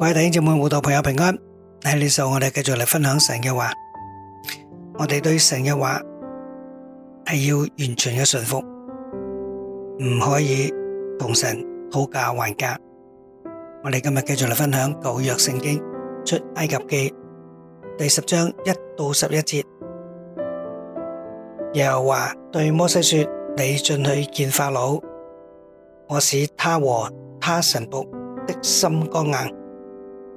各位弟兄姊妹、慕道朋友平安，喺呢度我哋繼續嚟分享神嘅話，我哋對神嘅話係要完全嘅順服，唔可以同神討價還價。我哋今日繼續嚟分享舊約聖經出埃及記第十章一到十一節，耶和華對摩西說：你進去見法老，我使他和他臣僕的心剛硬。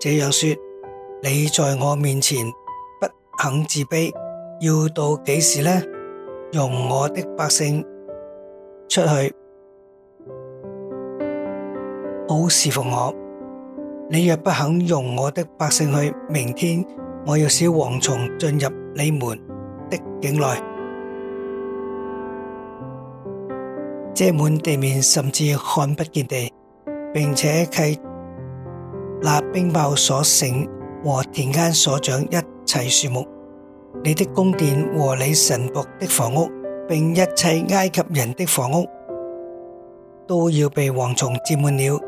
這樣說，你在我面前不肯自卑，要到幾時呢？容我的百姓出去，好侍奉我。你若不肯容我的百姓去，明天我要小蝗蟲進入你們的境內，遮滿地面，甚至看不見地，並且契。那冰雹所剩和田間所長一切樹木，你的宮殿和你臣僕的房屋，並一切埃及人的房屋，都要被蝗蟲佔滿了。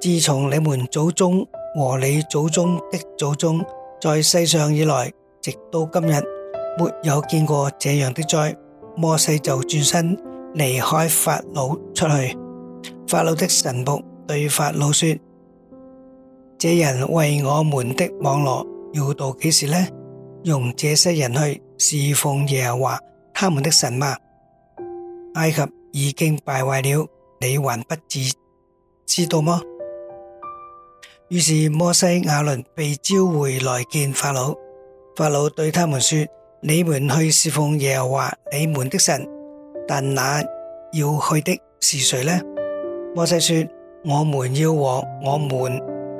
自從你們祖宗和你祖宗的祖宗在世上以來，直到今日，沒有見過這樣的災。摩西就轉身離開法老出去，法老的臣僕對法老說。這人為我們的網絡要到幾時呢？用這些人去侍奉耶和華他們的神嗎？埃及已經敗壞了，你還不知知道嗎？於是摩西亞倫被召回來見法老，法老對他們說：你們去侍奉耶和華你們的神，但那要去的是誰呢？摩西說：我們要和我，我們。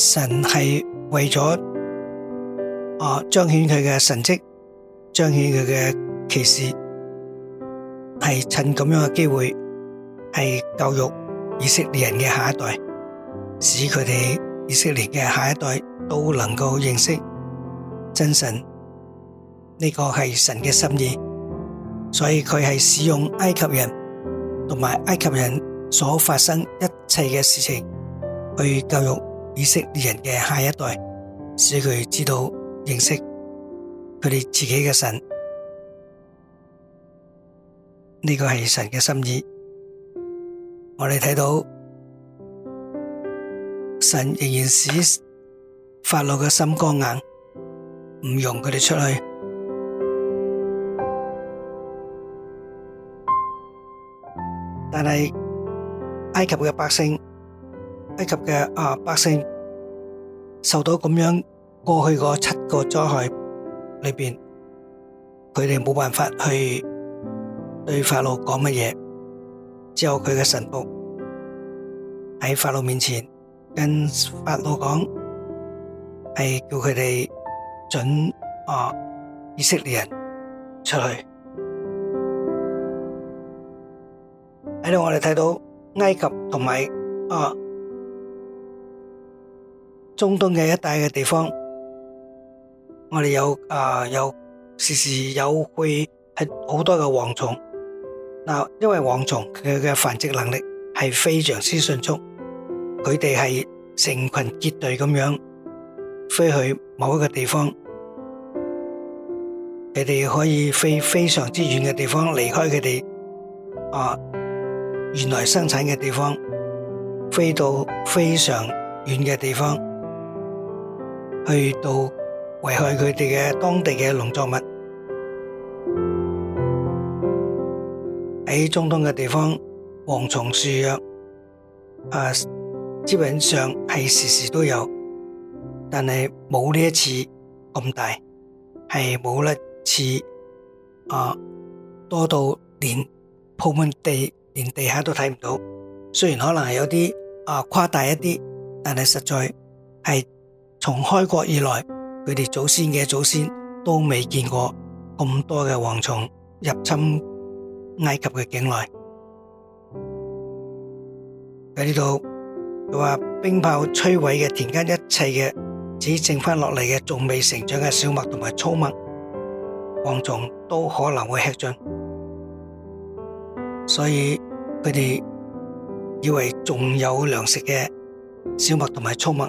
神係為咗啊彰顯佢嘅神蹟，彰顯佢嘅奇事，係趁咁樣嘅機會，係教育以色列人嘅下一代，使佢哋以色列嘅下一代都能夠認識真神。呢個係神嘅心意，所以佢係使用埃及人同埋埃及人所發生一切嘅事情去教育。以色列人嘅下一代，使佢知道認識佢哋自己嘅神，呢個係神嘅心意。我哋睇到神仍然使法老嘅心剛硬，唔容佢哋出去。但係埃及嘅百姓。埃及嘅啊百姓受到咁樣過去嗰七個災害裏邊，佢哋冇辦法去對法老講乜嘢，只有佢嘅神僕喺法老面前跟法老講，係叫佢哋准啊以色列人出去。喺度我哋睇到埃及同埋啊。中東的一帶的地方，我哋有，有，時時有會，很多的蝗蟲。嗱，因為蝗蟲，佢嘅繁殖能力是非常之迅速，佢哋是成群結隊噉樣，飛去某一個地方，佢哋可以飛非常之遠的地方，離開佢哋原來生產的地方，飛到非常遠的地方, uh, 去到危害佢哋嘅當地嘅農作物，喺中東嘅地方蝗蟲肆虐，啊，基本上係時時都有，但係冇呢一次咁大，係冇一次啊多到連鋪滿地，連地下都睇唔到。雖然可能係有啲啊誇大一啲，但係實在係。從開國以來，佢哋祖先的祖先都未見過咁多的蝗蟲入侵埃及的境內。喺呢度佢話冰雹摧毀的田間一切的只剩翻落嚟嘅仲未成長的小麥同埋粗麥，蝗蟲都可能會吃盡。所以佢哋以為仲有糧食的小麥同埋粗麥。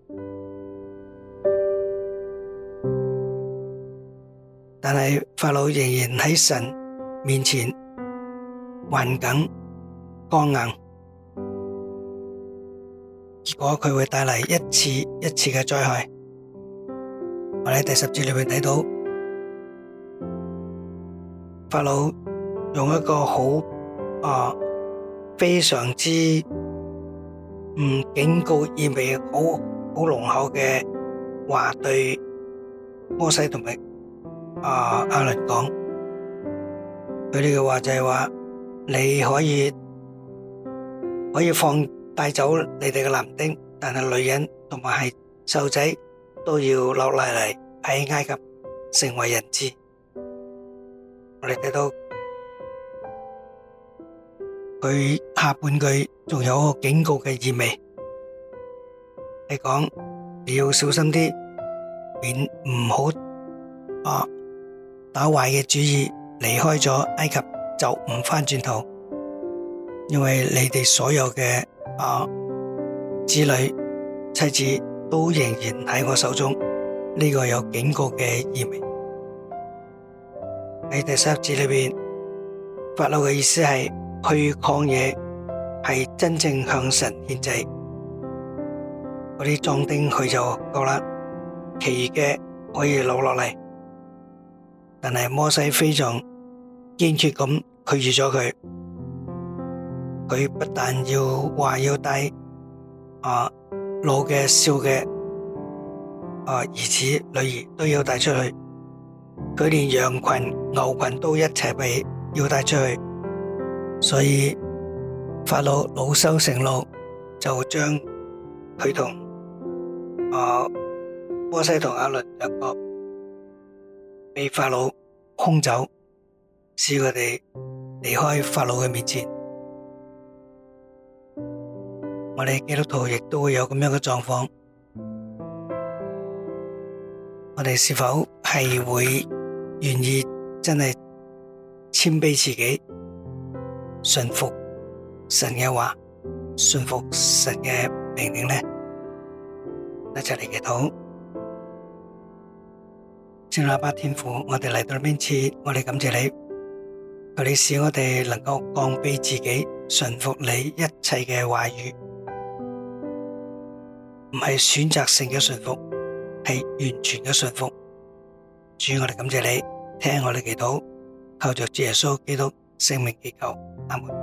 但係法老仍然喺神面前橫梗剛硬，結果佢會帶嚟一次一次嘅災害。我哋喺第十節裏面睇到，法老用一個好啊、呃、非常之唔警告意味好好濃厚嘅話對摩西同埋。啊！阿倫講佢哋嘅話就係話，你可以可以放帶走你哋嘅男丁，但係女人同埋係細路仔都要落嚟，嚟喺埃及成為人質。我哋睇到佢下半句仲有個警告嘅意味，你講你要小心啲，免唔好啊！打壞嘅主意，離開咗埃及就唔返轉頭，因為你哋所有嘅、啊、子女妻子都仍然喺我手中，呢、這個有警告嘅意味。喺第三節裏面，法老嘅意思係去曠野，係真正向神獻祭，嗰啲壯丁佢就覺得其餘嘅可以留落嚟。但係摩西非常堅決咁拒絕咗佢，佢不但要話要帶啊老嘅、少嘅啊兒子、女兒都要帶出去，佢連羊群、牛群都一齊俾要帶出去，所以法老惱羞成怒，就將佢同啊摩西同阿倫兩個。被法老轟走，使我哋離開法老嘅面前。我哋基督徒亦都會有咁樣嘅狀況，我哋是否係會願意真係謙卑自己，信服神嘅話，信服神嘅命令呢？一齊嚟祈禱。借那把天父，我哋嚟到呢邊，我哋感謝你，求你使我哋能夠降卑自己，順服你一切嘅話語，唔係選擇性嘅順服，係完全嘅順服。主，我哋感謝你，聽我哋祈禱，靠着主耶穌基督聖名祈求。阿門。